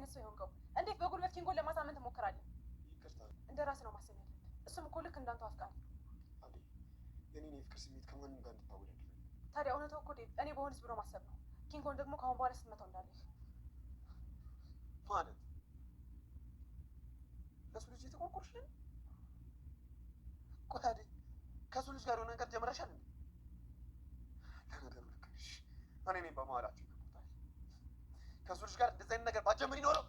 አይነት ሰው የሆንከው እንዴት በጉልበት ኪንጎን ለማሳመን ትሞክራለህ? እንደ ራስ ነው ማሰብ ያለብህ። እሱም እኮ ልክ እንዳንተ አፍቃሪ። የኔን የፍቅር ስሜት ከማንም ጋር እንድታወዳድ። ታዲያ እውነታው እኮ እኔ በሆንስ ብሎ ማሰብ ነው። ኪንጎን ደግሞ ከአሁን በኋላ ስትመታው እንዳለህ ማለት ለሱ ልጅ የተቆርቆርሽ ቆታዴ ከሱ ልጅ ጋር የሆነ ነገር ጀምረሻል። ለነገሩ ልክ እኔ ነኝ በመሀላቸው ከሱ ልጅ ጋር እንደዚህ አይነት ነገር ባጀ ይኖረው?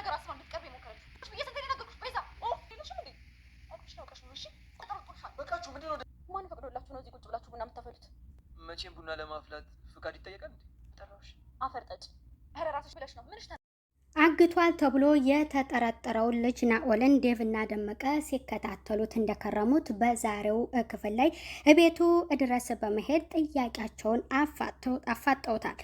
ነገር አስማ እንድትቀርብ የሞከረች ማን ፈቅዶላችሁ ነው እዚህ ቁጭ ብላችሁ ቡና የምታፈሉት? መቼም ቡና ለማፍላት ፍቃድ ይጠየቃል እንዴ? ጠራሁሽ። አፈር ጠጭ። ኧረ እራስሽ ብለሽ ነው ምንሽ አግቷል ተብሎ የተጠረጠረውን ልጅ ናኦልን ዴቭና ደመቀ ሲከታተሉት እንደከረሙት በዛሬው ክፍል ላይ እቤቱ ድረስ በመሄድ ጥያቄያቸውን አፋጠውታል።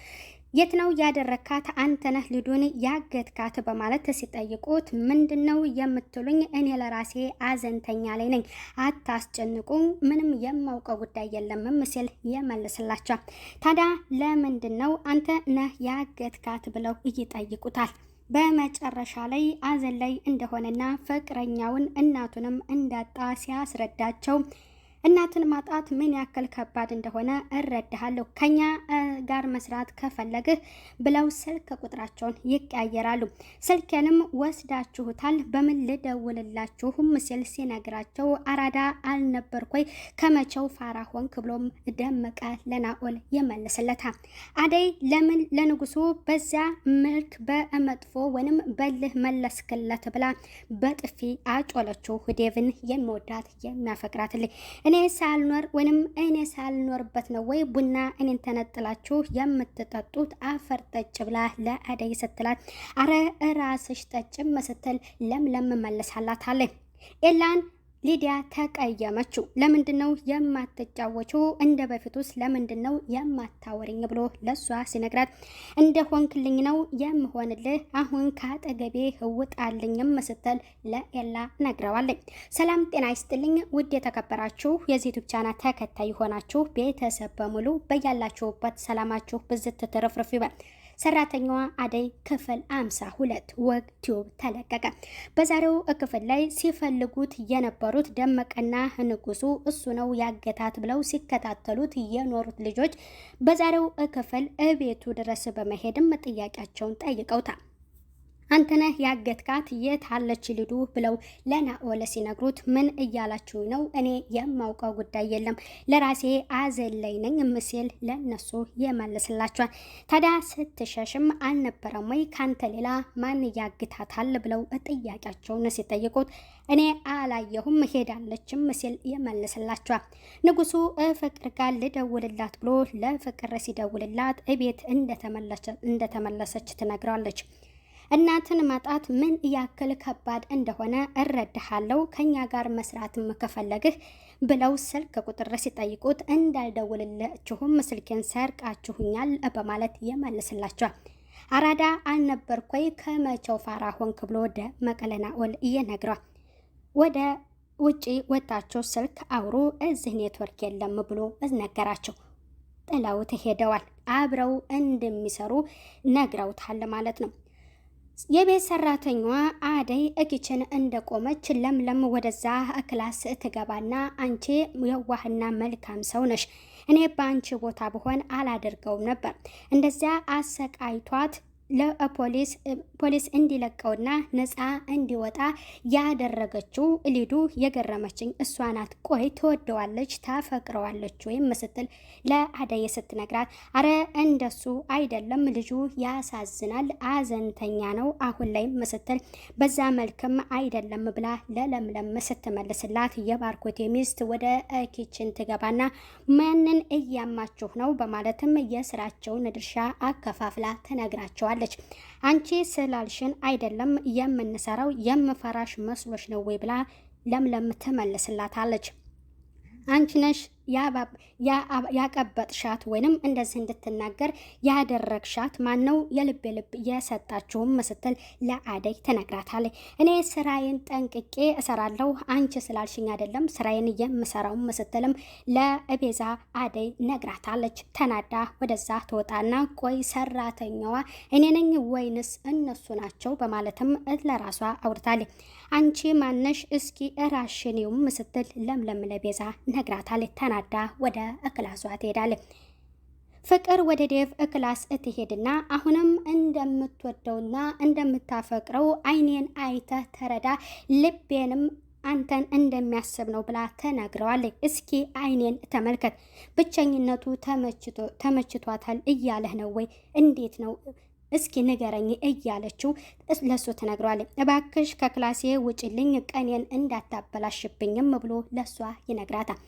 የት ነው ያደረካት? አንተ ነህ ልዱን ያገትካት? በማለት ሲጠይቁት ምንድን ነው የምትሉኝ? እኔ ለራሴ አዘንተኛ ላይ ነኝ፣ አታስጨንቁ፣ ምንም የማውቀው ጉዳይ የለምም ሲል የመልስላቸው። ታዲያ ለምንድን ነው አንተ ነህ ያገትካት? ብለው ይጠይቁታል። በመጨረሻ ላይ አዘን ላይ እንደሆነና ፍቅረኛውን እናቱንም እንዳጣ ሲያስረዳቸው እናትን ማጣት ምን ያክል ከባድ እንደሆነ እረዳሃለሁ። ከኛ ጋር መስራት ከፈለግህ ብለው ስልክ ቁጥራቸውን ይቀያየራሉ። ስልኬንም ወስዳችሁታል፣ በምን ልደውልላችሁም ሲል ሲነግራቸው አራዳ አልነበርኮይ ከመቼው ፋራ ሆንክ ብሎም ደመቀ ለናኦል ይመልስለታ። አደይ ለምን ለንጉሱ በዚያ መልክ በመጥፎ ወይንም በልህ መለስክለት ብላ በጥፊ አጮለችው። ዴቭን የሚወዳት የሚያፈቅራትልኝ እኔ ሳልኖር ወይንም እኔ ሳልኖርበት ነው ወይ ቡና እኔን ተነጥላችሁ የምትጠጡት? አፈር ጠጭ ብላ ለአደይ ስትላት፣ አረ እራስሽ ጠጭም ስትል ለምለም መለሳላት አለ ኤላን ሊዲያ ተቀየመችው። ለምንድን ነው የማትጫወችው? እንደ በፊት ውስጥ ለምንድን ነው የማታወሪኝ? ብሎ ለሷ ሲነግራት እንደ ሆንክልኝ ነው የምሆንልህ፣ አሁን ከአጠገቤ እውጣልኝም ስትል ለኤላ ነግረዋለኝ። ሰላም ጤና ይስጥልኝ ውድ የተከበራችሁ የዩቲዩብ ቻናል ተከታይ የሆናችሁ ቤተሰብ በሙሉ በያላችሁበት ሰላማችሁ ብዝት ትርፍርፍ ይበል። ሰራተኛዋ አደይ ክፍል አምሳ ሁለት ወግ ቲዩብ ተለቀቀ። በዛሬው ክፍል ላይ ሲፈልጉት የነበሩት ደመቀና ንጉሱ እሱ ነው ያገታት ብለው ሲከታተሉት የኖሩት ልጆች በዛሬው ክፍል እቤቱ ድረስ በመሄድም ጥያቄያቸውን ጠይቀውታል። አንተነህ ያገትካት የት አለች ልዱ ብለው ለናኦል ሲነግሩት ምን እያላችሁ ነው? እኔ የማውቀው ጉዳይ የለም ለራሴ አዘለይ ነኝ ምስል ለነሱ የመልስላቸዋል። ታዲያ ስትሸሽም አልነበረም ወይ ካንተ ሌላ ማን ያግታታል? ብለው ጥያቄያቸውን ሲጠይቁት እኔ አላየሁም ሄዳለችም ምስል የመልስላቸዋል። ንጉሱ ፍቅር ጋር ልደውልላት ብሎ ለፍቅር ሲደውልላት እቤት እንደተመለሰች ትነግረዋለች። እናትን ማጣት ምን ያክል ከባድ እንደሆነ እረዳሃለሁ። ከኛ ጋር መስራትም ከፈለግህ ብለው ስልክ ቁጥር ሲጠይቁት እንዳልደውልላችሁም ስልኬን ሰርቃችሁኛል በማለት ይመልስላቸዋል። አራዳ አልነበርኮይ ከመቼው ፋራ ሆንክ ብሎ ወደ መቀለና ኦል ወደ ውጪ ወጣችሁ ስልክ አውሩ፣ እዚህ ኔትወርክ የለም ብሎ ነገራቸው። ጥለውት ሄደዋል። አብረው እንደሚሰሩ ነግረውታል ማለት ነው። የቤት ሰራተኛዋ አደይ እኪችን እንደቆመች ለምለም ወደዛ ክላስ ትገባና አንቺ የዋህና መልካም ሰው ነሽ፣ እኔ በአንቺ ቦታ ብሆን አላደርገውም ነበር። እንደዚያ አሰቃይቷት ለፖሊስ ፖሊስ እንዲለቀውና ነፃ እንዲወጣ ያደረገችው ሊዱ የገረመችኝ እሷ ናት። ቆይ ትወደዋለች ታፈቅረዋለች ወይም ስትል ለአደይ ስትነግራት፣ አረ እንደሱ አይደለም ልጁ ያሳዝናል፣ አዘንተኛ ነው አሁን ላይ ስትል፣ በዛ መልክም አይደለም ብላ ለለምለም ስትመልስላት፣ የባርኮቴ ሚስት ወደ ኪችን ትገባና ማንን እያማችሁ ነው በማለትም የስራቸውን ድርሻ አከፋፍላ ተነግራቸዋል። ትለዋለች። አንቺ ስላልሽን አይደለም የምንሰራው የምፈራሽ መስሎች ነው ወይ ብላ ለምለም ትመልስላታለች። አንቺ ነሽ ያቀበጥሻት ወይንም እንደዚህ እንድትናገር ያደረግሻት ማን ነው? የልብ ልብ የሰጣችሁም ስትል ለአደይ ትነግራታለች። እኔ ስራዬን ጠንቅቄ እሰራለሁ አንቺ ስላልሽኝ አይደለም ስራዬን የምሰራው ስትልም ለቤዛ አደይ ነግራታለች። ተናዳ ወደዛ ትወጣና ቆይ ሰራተኛዋ እኔ ነኝ ወይንስ እነሱ ናቸው? በማለትም ለራሷ አውርታለች። አንቺ ማነሽ? እስኪ እራሽን ይውም ስትል ለምለም ለቤዛ ነግራታለች። ተናዳ ወደ እክላሷ ትሄዳለች። ፍቅር ወደ ዴቭ እክላስ እትሄድና አሁንም እንደምትወደውና እንደምታፈቅረው አይኔን አይተህ ተረዳ፣ ልቤንም አንተን እንደሚያስብ ነው ብላ ተነግረዋለች። እስኪ አይኔን ተመልከት፣ ብቸኝነቱ ተመችቷታል እያለህ ነው ወይ? እንዴት ነው እስኪ ንገረኝ እያለችው ለሱ ትነግረዋለች። እባክሽ ከክላሴ ውጭልኝ ቀኔን እንዳታበላሽብኝም ብሎ ለሷ ይነግራታል።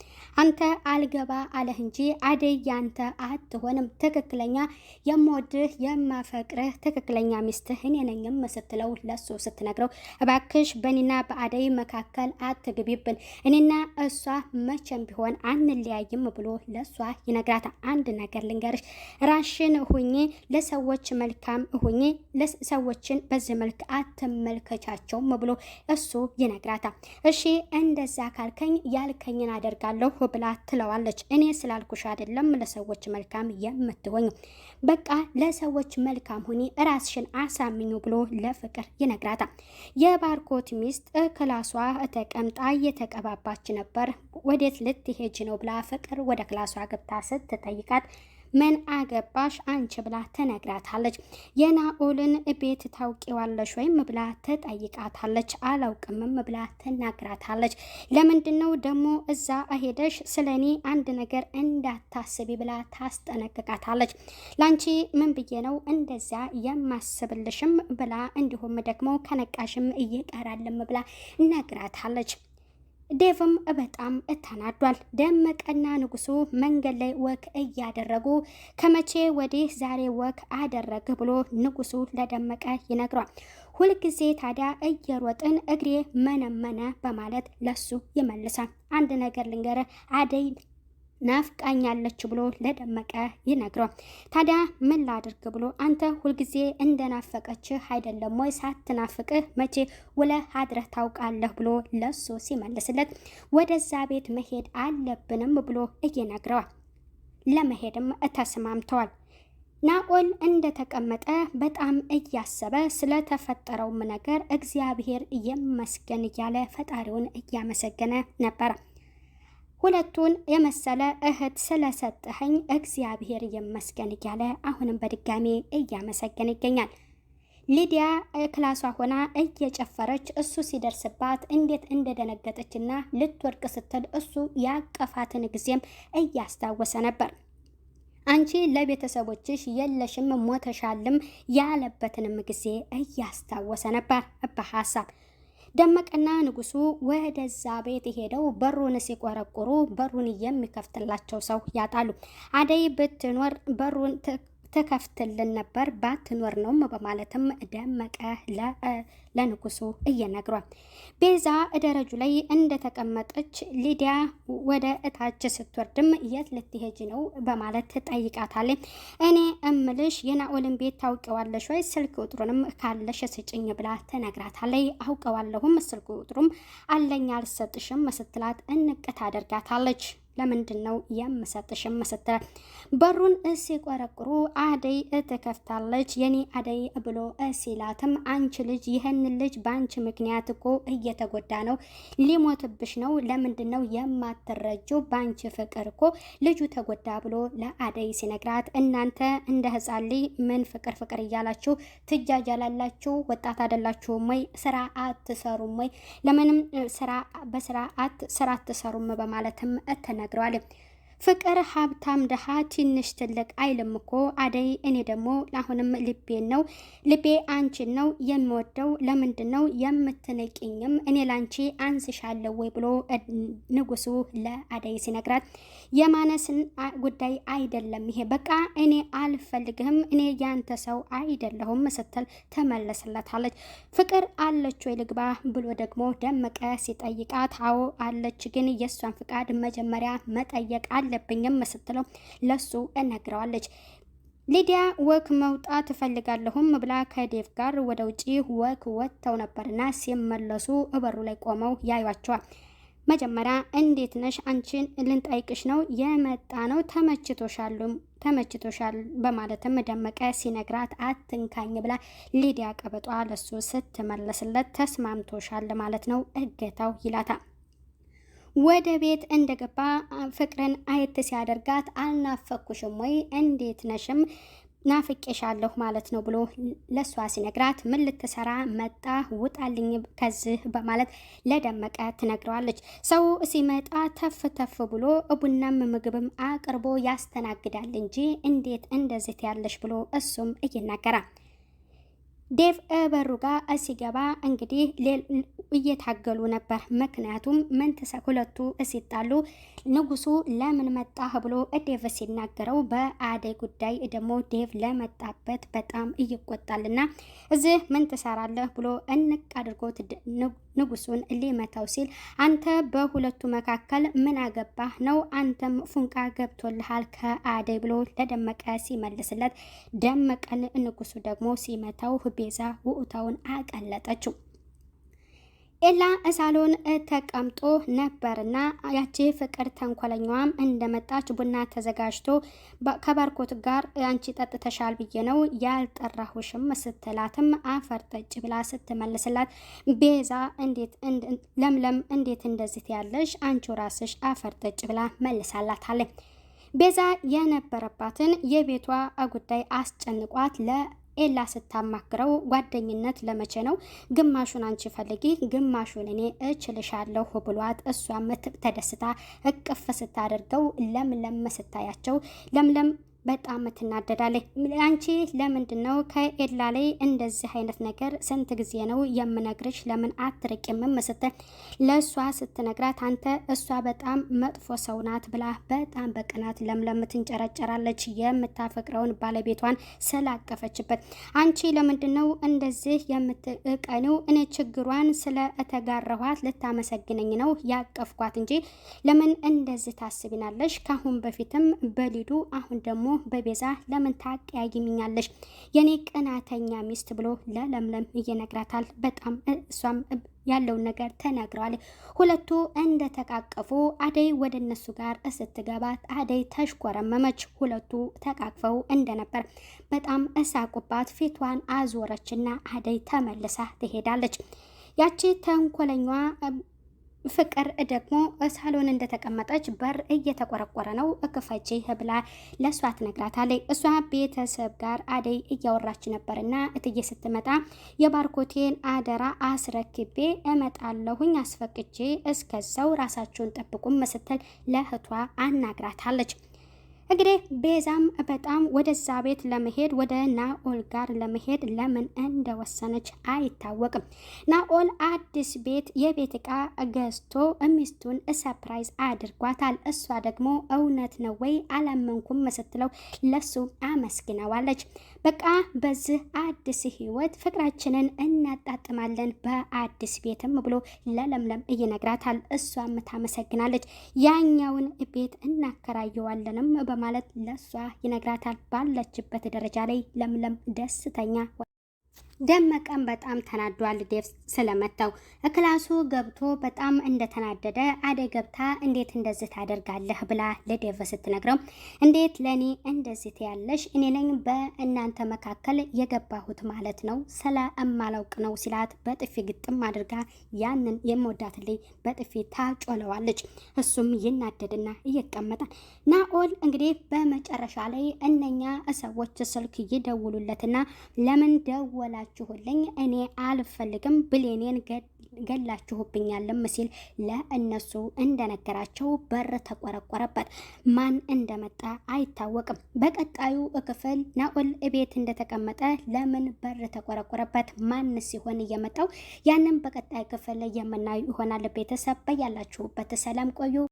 አንተ አልገባ አለህ እንጂ አደይ ያንተ አትሆንም፣ ትክክለኛ የምወድህ የማፈቅርህ ትክክለኛ ሚስትህ እኔ ነኝም ስትለው ለሱ ስትነግረው እባክሽ በእኔና በአደይ መካከል አትግቢብን፣ እኔና እሷ መቼም ቢሆን አንለያይም ብሎ ለሷ ይነግራታ አንድ ነገር ልንገርሽ፣ ራሽን ሁኚ ለሰዎች መልካም መልካም ሁኚ፣ ሰዎችን በዚህ መልክ አትመልከቻቸውም ብሎ እሱ ይነግራታል። እሺ እንደዛ ካልከኝ ያልከኝን አደርጋለሁ ብላ ትለዋለች። እኔ ስላልኩሽ አይደለም ለሰዎች መልካም የምትሆኝ፣ በቃ ለሰዎች መልካም ሁኚ፣ ራስሽን አሳምኙ ብሎ ለፍቅር ይነግራታል። የባርኮት ሚስት ክላሷ ተቀምጣ እየተቀባባች ነበር። ወዴት ልትሄጂ ነው ብላ ፍቅር ወደ ክላሷ ገብታ ስትጠይቃት ምን አገባሽ አንቺ ብላ ትነግራታለች። የናኦልን ቤት ታውቂዋለሽ ወይም ብላ ትጠይቃታለች። አላውቅምም ብላ ትናግራታለች። ለምንድን ነው ደግሞ እዛ ሄደሽ ስለ እኔ አንድ ነገር እንዳታስቢ ብላ ታስጠነቅቃታለች። ላንቺ ምን ብዬ ነው እንደዚያ የማስብልሽም ብላ እንዲሁም ደግሞ ከነቃሽም እየቀራልም ብላ ነግራታለች። ዴቭም በጣም ተናዷል። ደመቀና ንጉሱ መንገድ ላይ ወክ እያደረጉ ከመቼ ወዲህ ዛሬ ወክ አደረግ ብሎ ንጉሱ ለደመቀ ይነግሯል። ሁልጊዜ ታዲያ እየሮጥን እግሬ መነመነ በማለት ለሱ ይመልሳል። አንድ ነገር ልንገረ አደይ ናፍቃኛለች ብሎ ለደመቀ ይነግረው። ታዲያ ምን ላድርግ ብሎ አንተ ሁልጊዜ እንደናፈቀችህ አይደለም ወይ? ሳትናፍቅህ መቼ ውለህ አድረህ ታውቃለህ? ብሎ ለሱ ሲመልስለት ወደዛ ቤት መሄድ አለብንም ብሎ እየነግረዋል። ለመሄድም ተስማምተዋል። ናኦል እንደተቀመጠ በጣም እያሰበ ስለተፈጠረውም ነገር እግዚአብሔር ይመስገን እያለ ፈጣሪውን እያመሰገነ ነበረ። ሁለቱን የመሰለ እህት ስለሰጠኸኝ እግዚአብሔር ይመስገን እያለ አሁንም በድጋሜ እያመሰገን ይገኛል። ሊዲያ ክላሷ ሆና እየጨፈረች እሱ ሲደርስባት እንዴት እንደደነገጠችና ልትወድቅ ስትል እሱ ያቀፋትን ጊዜም እያስታወሰ ነበር። አንቺ ለቤተሰቦችሽ የለሽም ሞተሻልም ያለበትንም ጊዜ እያስታወሰ ነበር በሀሳብ ደመቀና ንጉሱ ወደዛ ቤት ሄደው በሩን ሲቆረቁሩ በሩን የሚከፍትላቸው ሰው ያጣሉ። አደይ ብትኖር በሩን ትከፍትልን ነበር ባትኖር ነው በማለትም ደመቀ ለንጉሱ እየነግሯል። ቤዛ ደረጁ ላይ እንደተቀመጠች ሊዲያ ወደ እታች ስትወርድም የት ልትሄጅ ነው በማለት ጠይቃታል። እኔ እምልሽ የናኦልን ቤት ታውቂዋለሽ ወይ? ስልክ ቁጥሩንም ካለሽ ስጭኝ ብላ ትነግራታለች። አውቀዋለሁም ስልክ ቁጥሩም አለኝ አልሰጥሽም ስትላት እንቅት አደርጋታለች። ለምንድን ነው የምሰጥሽ በሩን ሲቆረቁሩ አደይ ትከፍታለች። የኔ አደይ ብሎ ሲላትም አንቺ ልጅ ይህን ልጅ በአንቺ ምክንያት እኮ እየተጎዳ ነው፣ ሊሞትብሽ ነው። ለምንድን ነው የማትረጀው? በአንቺ ፍቅር እኮ ልጁ ተጎዳ ብሎ ለአደይ ሲነግራት እናንተ እንደ ሕፃን ምን ፍቅር ፍቅር እያላችሁ ትጃጃላላችሁ? ወጣት አይደላችሁም ወይ? ስራ አትሰሩም ወይ? ለምንም ስራ በስራ አት ስራ አትሰሩም በማለትም ተነ Acroale. ፍቅር ሀብታም ድሃ ትንሽ ትልቅ አይልም እኮ አደይ። እኔ ደግሞ አሁንም ልቤን ነው ልቤ አንቺን ነው የምወደው። ለምንድን ነው የምትነቂኝም? እኔ ላንቺ አንስሻለሁ ወይ ብሎ ንጉሱ ለአደይ ሲነግራት የማነስን ጉዳይ አይደለም ይሄ በቃ እኔ አልፈልግህም፣ እኔ ያንተ ሰው አይደለሁም ስትል ተመለስለታለች። ፍቅር አለች ወይ ልግባ ብሎ ደግሞ ደመቀ ሲጠይቃት አዎ አለች፣ ግን የእሷን ፍቃድ መጀመሪያ መጠየቅ አለ የለብኝም ስትለው ለሱ እነግረዋለች። ሊዲያ ወክ መውጣት እፈልጋለሁም ብላ ከዴቭ ጋር ወደ ውጪ ወክ ወጥተው ነበርና ሲመለሱ እበሩ ላይ ቆመው ያዩቸዋል። መጀመሪያ እንዴት ነሽ? አንቺን ልንጠይቅሽ ነው የመጣ ነው። ተመችቶሻሉም ተመችቶሻል በማለትም ደመቀ ሲነግራት አትንካኝ ብላ ሊዲያ ቀበጧ ለሱ ስትመለስለት ተስማምቶሻል ማለት ነው እገታው ይላታል። ወደ ቤት እንደገባ ፍቅርን አየት ሲያደርጋት አልናፈኩሽም ወይ እንዴት ነሽም ናፍቄሻለሁ ማለት ነው ብሎ ለእሷ ሲነግራት ምን ልትሰራ መጣ ውጣልኝ ከዚህ በማለት ለደመቀ ትነግረዋለች። ሰው ሲመጣ ተፍ ተፍ ብሎ ቡናም ምግብም አቅርቦ ያስተናግዳል እንጂ እንዴት እንደዚህ ያለሽ ብሎ እሱም ይናገራል። ዴቭ በሩ ጋር ሲገባ እንግዲህ እየታገሉ ነበር። ምክንያቱም መንተሰ ሁለቱ ሲጣሉ ንጉሱ ለምን መጣህ ብሎ ዴቭ ሲናገረው በአደይ ጉዳይ ደግሞ ዴቭ ለመጣበት በጣም ይቆጣልና እዚህ ምን ትሰራለህ ብሎ እንቅ አድርጎት ንጉሱን ሊመታው ሲል አንተ በሁለቱ መካከል ምን አገባህ ነው አንተም ፉንቃ ገብቶልሃል ከአደይ ብሎ ለደመቀ ሲመልስለት ደመቀን ንጉሱ ደግሞ ሲመታው ቤዛ ውዑታውን አቀለጠችው። ኤላ ሳሎን ተቀምጦ ነበርና ያቺ ፍቅር ተንኮለኛዋም እንደመጣች ቡና ተዘጋጅቶ ከባርኮት ጋር አንቺ ጠጥተሻል ብዬ ነው ያልጠራሁሽም ስትላትም አፈር ጠጭ ብላ ስትመልስላት፣ ቤዛ እንዴት ለምለም እንዴት እንደዚህ ያለሽ አንቺ ራስሽ አፈር ጠጭ ብላ መልሳላታለች። ቤዛ የነበረባትን የቤቷ ጉዳይ አስጨንቋት ለ ኤላ ስታማክረው ጓደኝነት ለመቼ ነው? ግማሹን አንቺ ፈልጊ፣ ግማሹን እኔ እችልሻለሁ ብሏት እሷም ተደስታ እቅፍ ስታደርገው ለምለም ስታያቸው ለምለም በጣም ትናደዳለች። አንቺ ለምንድን ነው ከኤላ ላይ እንደዚህ አይነት ነገር ስንት ጊዜ ነው የምነግርሽ? ለምን አትርቂም? ስትል ለእሷ ስትነግራት አንተ እሷ በጣም መጥፎ ሰው ናት ብላ በጣም በቅናት ለምለም ትንጨረጨራለች። የምታፈቅረውን ባለቤቷን ስላቀፈችበት አንቺ ለምንድን ነው እንደዚህ የምትቀኒው? እኔ ችግሯን ስለ እተጋረኋት ልታመሰግነኝ ነው ያቀፍኳት እንጂ ለምን እንደዚህ ታስቢናለሽ? ካሁን በፊትም በሊዱ አሁን ደግሞ በቤዛ ለምን ታቀያይምኛለሽ የኔ ቅናተኛ ሚስት ብሎ ለለምለም እየነግራታል። በጣም እሷም ያለውን ነገር ተናግረዋል። ሁለቱ እንደተቃቀፉ አደይ ወደ እነሱ ጋር ስትገባ አደይ ተሽኮረመመች። ሁለቱ ተቃቅፈው እንደነበር በጣም እሳቁባት። ፊቷን አዞረችና አደይ ተመልሳ ትሄዳለች። ያቺ ተንኮለኛ ፍቅር ደግሞ ሳሎን እንደተቀመጠች በር እየተቆረቆረ ነው ክፈቺ ብላ ለእሷ ትነግራታለች። እሷ ቤተሰብ ጋር አደይ እያወራች ነበርና እትዬ ስትመጣ የባርኮቴን አደራ አስረክቤ እመጣለሁኝ አስፈቅጄ እስከዛው ራሳችሁን ጠብቁም ስትል ለእህቷ አናግራታለች። እንግዲህ ቤዛም በጣም ወደዛ ቤት ለመሄድ ወደ ናኦል ጋር ለመሄድ ለምን እንደወሰነች አይታወቅም። ናኦል አዲስ ቤት የቤት ዕቃ ገዝቶ ሚስቱን ሰፕራይዝ አድርጓታል። እሷ ደግሞ እውነት ነው ወይ አላመንኩም ስትለው ለሱ አመስግነዋለች። በቃ በዚህ አዲስ ህይወት ፍቅራችንን እናጣጥማለን በአዲስ ቤትም ብሎ ለለምለም ይነግራታል። እሷም ታመሰግናለች። ያኛውን ቤት እናከራየዋለንም በማለት ለሷ ይነግራታል። ባለችበት ደረጃ ላይ ለምለም ደስተኛ ደመቀም በጣም ተናዷል። ዴቭ ስለመታው እክላሱ ገብቶ በጣም እንደተናደደ አደይ ገብታ እንዴት እንደዚህ ታደርጋለህ ብላ ለዴቭ ስትነግረው እንዴት ለእኔ እንደዚህ ትያለሽ? እኔ ነኝ በእናንተ መካከል የገባሁት ማለት ነው ስለ እማላውቅ ነው ሲላት በጥፊ ግጥም አድርጋ ያንን የምወዳት ልጅ በጥፊ ታጮለዋለች። እሱም ይናደድና እየቀመጣል። ናኦል እንግዲህ በመጨረሻ ላይ እነኛ ሰዎች ስልክ ይደውሉለትና ለምን ደወላ ካላችሁልኝ እኔ አልፈልግም፣ ብሌኔን ገላችሁብኛልም ሲል ለእነሱ እንደነገራቸው በር ተቆረቆረበት። ማን እንደመጣ አይታወቅም። በቀጣዩ ክፍል ናኦል እቤት እንደተቀመጠ ለምን በር ተቆረቆረበት? ማን ሲሆን እየመጣው ያንን በቀጣይ ክፍል የምናዩ ይሆናል። ቤተሰብ በያላችሁበት ሰላም ቆዩ።